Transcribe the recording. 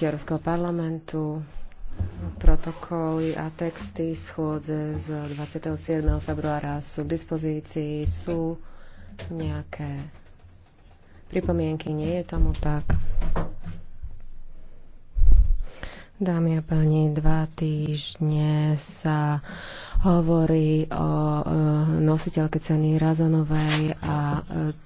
Európskeho parlamentu, protokoly a texty schôdze z 27. februára sú k dispozícii. Sú nejaké pripomienky? Nie je tomu tak. Dámy a páni, dva týždne sa hovorí o e, nositeľke ceny Razanovej a